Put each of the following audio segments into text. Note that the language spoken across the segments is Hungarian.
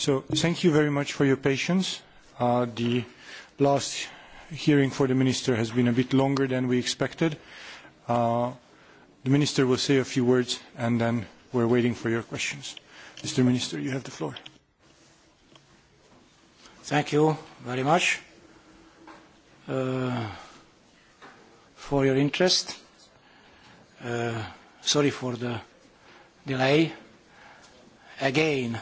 So thank you very much for your patience. Uh, the last hearing for the minister has been a bit longer than we expected. Uh, the minister will say a few words and then we're waiting for your questions. Mr. Minister, you have the floor. Thank you very much uh, for your interest. Uh, sorry for the delay. Again,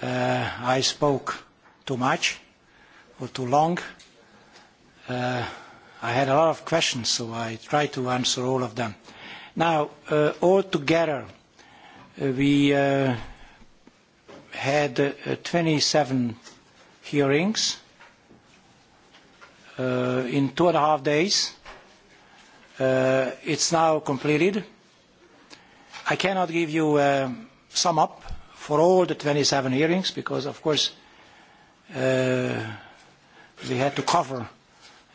Uh, I spoke too much or too long. Uh, I had a lot of questions, so I tried to answer all of them. Now, uh, all together, uh, we uh, had 27 uh, hearings in two and a half days. Uh, it's now completed. I cannot give you a sum up for all the 27 hearings because, of course, uh, we had to cover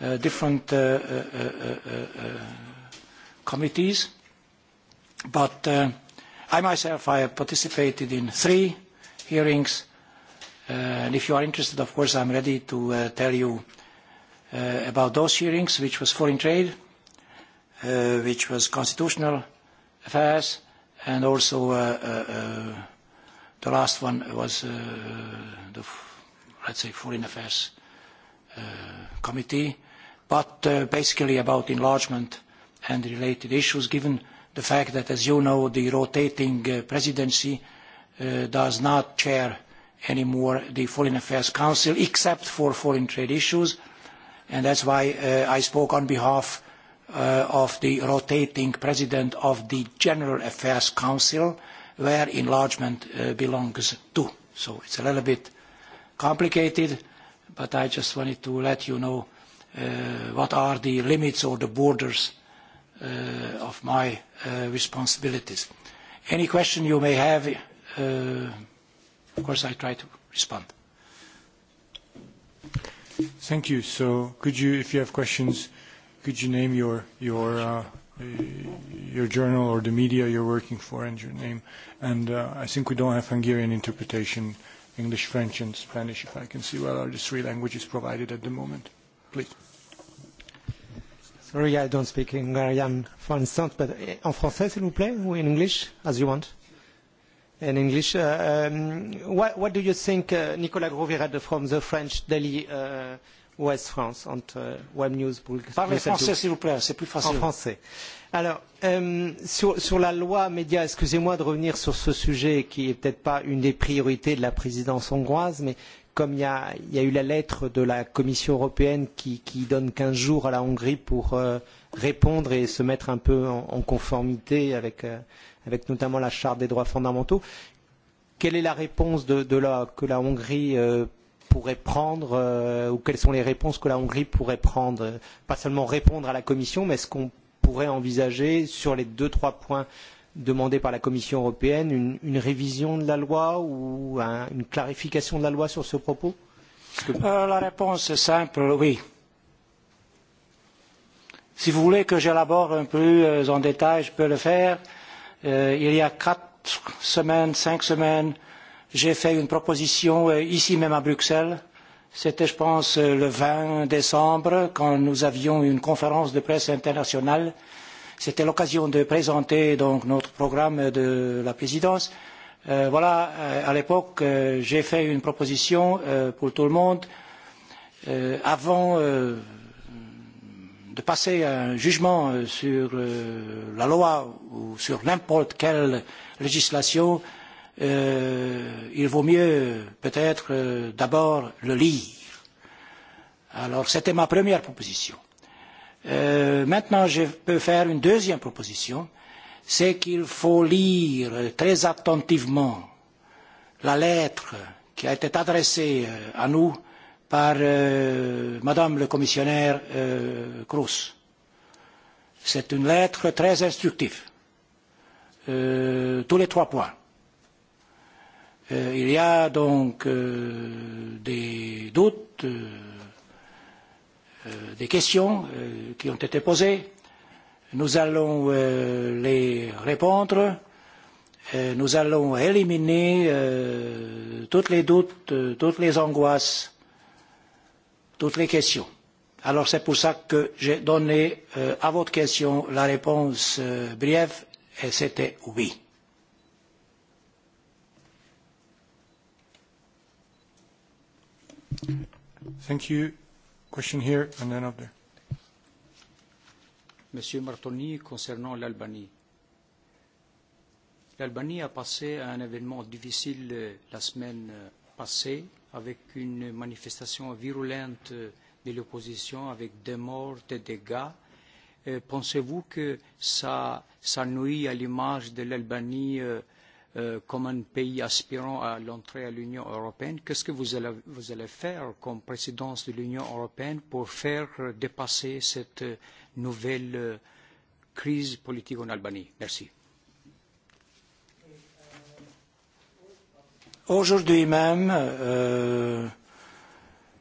uh, different uh, uh, uh, uh, uh committees. But I myself, I have participated in three hearings. and if you are interested, of course, I'm ready to tell you about those hearings, which was foreign trade, which was constitutional affairs, and also The last one was uh, the, let's say, Foreign Affairs uh, Committee, but uh, basically about enlargement and related issues, given the fact that, as you know, the rotating uh, presidency uh, does not chair anymore the Foreign Affairs Council, except for foreign trade issues, and that's why uh, I spoke on behalf of the rotating president of the General Affairs Council, uh, where enlargement uh, belongs to. So it's a little bit complicated, but I just wanted to let you know uh, what are the limits or the borders uh, of my uh, responsibilities. Any question you may have, uh, of course I try to respond. Thank you. So could you, if you have questions, could you name your, your uh, Uh, your journal or the media you're working for and your name. And uh, I think we don't have Hungarian interpretation, English, French, and Spanish, if I can see well, are the three languages provided at the moment. Please. Sorry, I don't speak Hungarian, for instance, but eh, en français, s'il vous plaît, or in English, as you want. In English, uh, um, what, what do you think, uh, Nicolas Grovirad, from the French Daily uh, Ouest France, entre euh, Web News Bruxelles. Parlez français, s'il vous plaît, c'est plus facile. En français. Alors, euh, sur, sur la loi média, excusez-moi de revenir sur ce sujet qui n'est peut-être pas une des priorités de la présidence hongroise, mais comme il y a, y a eu la lettre de la Commission européenne qui, qui donne 15 jours à la Hongrie pour euh, répondre et se mettre un peu en, en conformité avec, euh, avec notamment la Charte des droits fondamentaux, quelle est la réponse de, de la, que la Hongrie euh, pourrait prendre euh, ou quelles sont les réponses que la Hongrie pourrait prendre Pas seulement répondre à la Commission, mais est-ce qu'on pourrait envisager sur les deux, trois points demandés par la Commission européenne une, une révision de la loi ou un, une clarification de la loi sur ce propos que... euh, La réponse est simple, oui. Si vous voulez que j'élabore un peu euh, en détail, je peux le faire. Euh, il y a quatre semaines, cinq semaines, euh, j'ai fait une proposition euh, ici même à Bruxelles. C'était, je pense, euh, le 20 décembre, quand nous avions une conférence de presse internationale. C'était l'occasion de présenter donc notre programme de la présidence. Euh, voilà, euh, à l'époque, euh, j'ai fait une proposition euh, pour tout le monde euh, avant euh, de passer un jugement sur euh, la loi ou sur n'importe quelle législation euh, euh, il vaut mieux peut-être euh, d'abord le lire. Alors c'était ma première proposition. Euh, maintenant, je peux faire une deuxième proposition, c'est qu'il faut lire très attentivement la lettre qui a été adressée euh, à nous par euh, Madame le commissionnaire euh, Cruz. C'est une lettre très instructive, euh, tous les trois points Euh, il y a donc euh, des doutes, euh, des questions qui ont été posées. Nous allons les répondre. Nous allons éliminer toutes les doutes, toutes les angoisses, toutes les questions. Alors c'est pour ça que j'ai donné à votre question la réponse brève et c'était oui. Thank you. Question here and then up there. Monsieur Martoni, concernant l'Albanie. L'Albanie a passé un événement difficile euh, la semaine euh, passée avec une manifestation virulente euh, de l'opposition avec des morts, des dégâts. Pensez-vous que ça, ça nuit à l'image de l'Albanie euh, Euh, comme un pays aspirant à l'entrée à l'Union européenne, qu'est-ce que vous allez, vous allez faire comme présidence de l'Union européenne pour faire euh, dépasser cette euh, nouvelle crise politique en Albanie Merci. Aujourd'hui même, euh,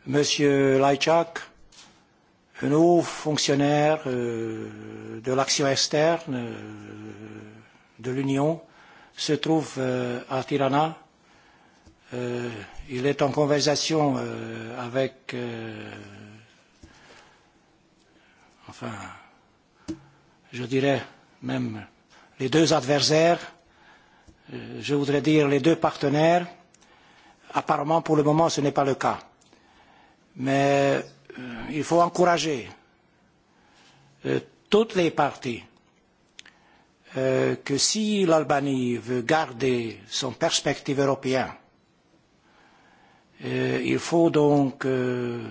Monsieur Lajczak, un haut fonctionnaire euh, de l'action externe euh, de l'Union, se trouve euh, à Tirana. Euh, il est en conversation euh, avec enfin je dirais même les deux adversaires, je voudrais dire les deux partenaires. Apparemment, pour le moment, ce n'est pas le cas. Mais il faut encourager toutes les parties Euh, que si l'Albanie veut garder son perspective européenne, euh, il faut donc euh,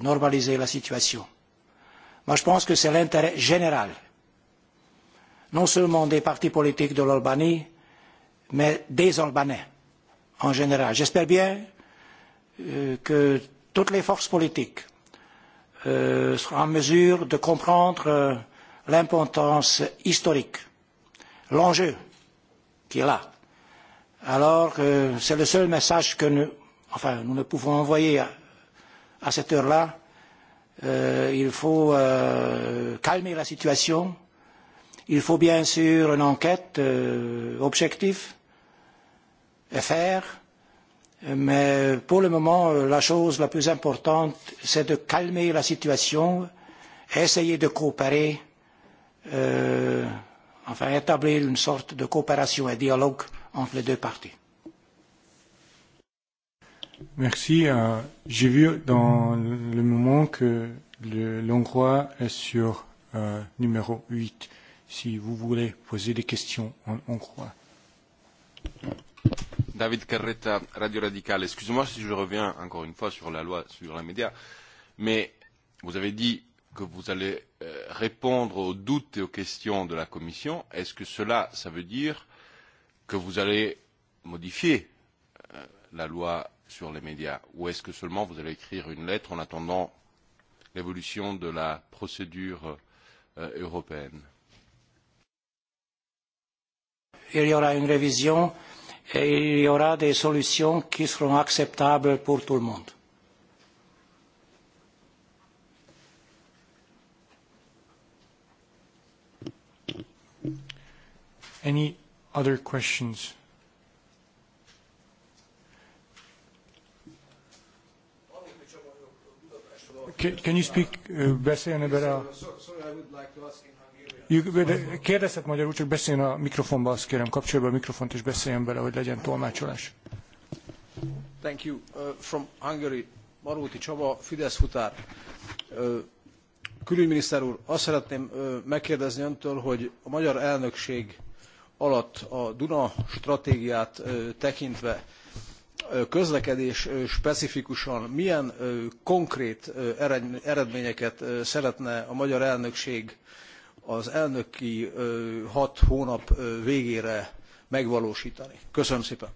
normaliser la situation. Moi, je pense que c'est l'intérêt général, non seulement des partis politiques de l'Albanie, mais des Albanais en général. J'espère bien euh, que toutes les forces politiques euh, seront en mesure de comprendre euh, l'importance historique, l'enjeu qui est là, alors que c'est le seul message que nous, enfin, nous ne pouvons envoyer à, à cette heure-là. Euh, il faut euh, calmer la situation. Il faut bien sûr une enquête euh, objective à faire. Mais pour le moment, la chose la plus importante, c'est de calmer la situation, essayer de coopérer euh, enfin établir une sorte de coopération et dialogue entre les deux parties. Merci. Euh, J'ai vu dans le moment que l'Hongrois est sur euh, numéro 8, si vous voulez poser des questions en hongrois. David Carretta, Radio Radicale. Excusez-moi si je reviens encore une fois sur la loi sur les médias, mais vous avez dit que vous allez euh, répondre aux doutes et aux questions de la Commission, est-ce que cela, ça veut dire que vous allez modifier euh, la loi sur les médias ou est-ce que seulement vous allez écrire une lettre en attendant l'évolution de la procédure euh, européenne Il y aura une révision et il y aura des solutions qui seront acceptables pour tout le monde. Any other questions? Can, can you speak, uh, Beszélni bele a... Kérdezhet magyarul, csak beszéljen a mikrofonba, azt kérem, kapcsolja be a mikrofont és beszéljen bele, hogy legyen tolmácsolás. Thank you. Uh, from Hungary, Maróti Csaba, Fidesz futár. Uh, Külügyminiszter úr, azt szeretném megkérdezni öntől, hogy a magyar elnökség alatt a Duna stratégiát tekintve közlekedés specifikusan milyen konkrét eredményeket szeretne a magyar elnökség az elnöki hat hónap végére megvalósítani. Köszönöm szépen.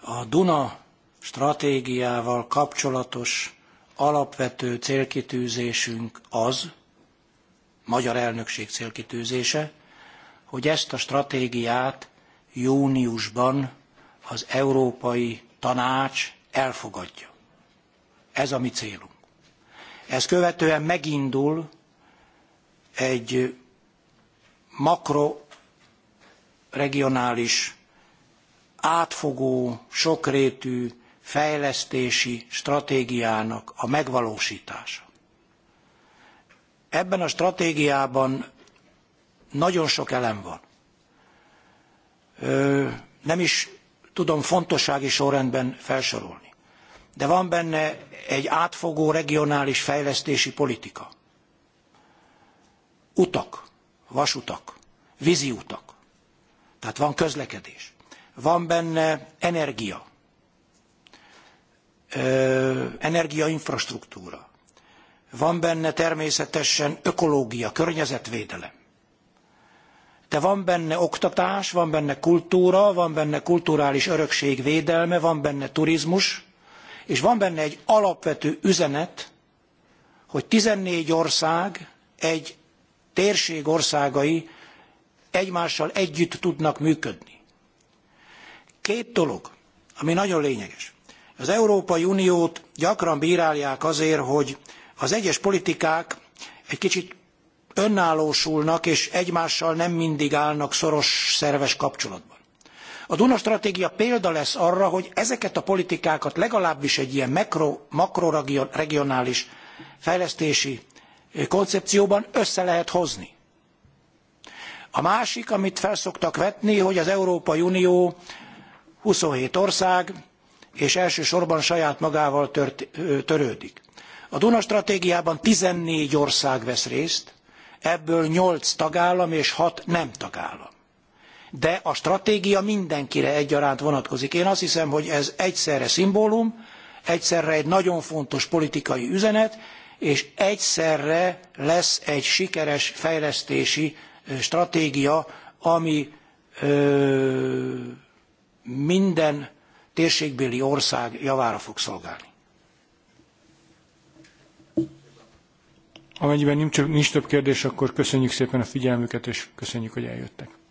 A Duna stratégiával kapcsolatos alapvető célkitűzésünk az, magyar elnökség célkitűzése, hogy ezt a stratégiát júniusban az Európai Tanács elfogadja. Ez a mi célunk. Ez követően megindul egy makroregionális, átfogó, sokrétű fejlesztési stratégiának a megvalósítása. Ebben a stratégiában nagyon sok elem van. Ö, nem is tudom fontossági sorrendben felsorolni. De van benne egy átfogó regionális fejlesztési politika. Utak, vasutak, vízi utak. Tehát van közlekedés. Van benne energia, energiainfrastruktúra. Van benne természetesen ökológia, környezetvédelem. De van benne oktatás, van benne kultúra, van benne kulturális örökség védelme, van benne turizmus, és van benne egy alapvető üzenet, hogy 14 ország, egy térség országai egymással együtt tudnak működni. Két dolog, ami nagyon lényeges. Az Európai Uniót gyakran bírálják azért, hogy az egyes politikák egy kicsit önállósulnak és egymással nem mindig állnak szoros, szerves kapcsolatban. A Duna stratégia példa lesz arra, hogy ezeket a politikákat legalábbis egy ilyen makro, makroregionális fejlesztési eh, koncepcióban össze lehet hozni. A másik, amit felszoktak vetni, hogy az Európai Unió 27 ország, és elsősorban saját magával tört, törődik. A Duna stratégiában 14 ország vesz részt, ebből 8 tagállam és 6 nem tagállam. De a stratégia mindenkire egyaránt vonatkozik. Én azt hiszem, hogy ez egyszerre szimbólum, egyszerre egy nagyon fontos politikai üzenet, és egyszerre lesz egy sikeres fejlesztési stratégia, ami ö, minden térségbéli ország javára fog szolgálni. Amennyiben nincs, nincs több kérdés, akkor köszönjük szépen a figyelmüket, és köszönjük, hogy eljöttek.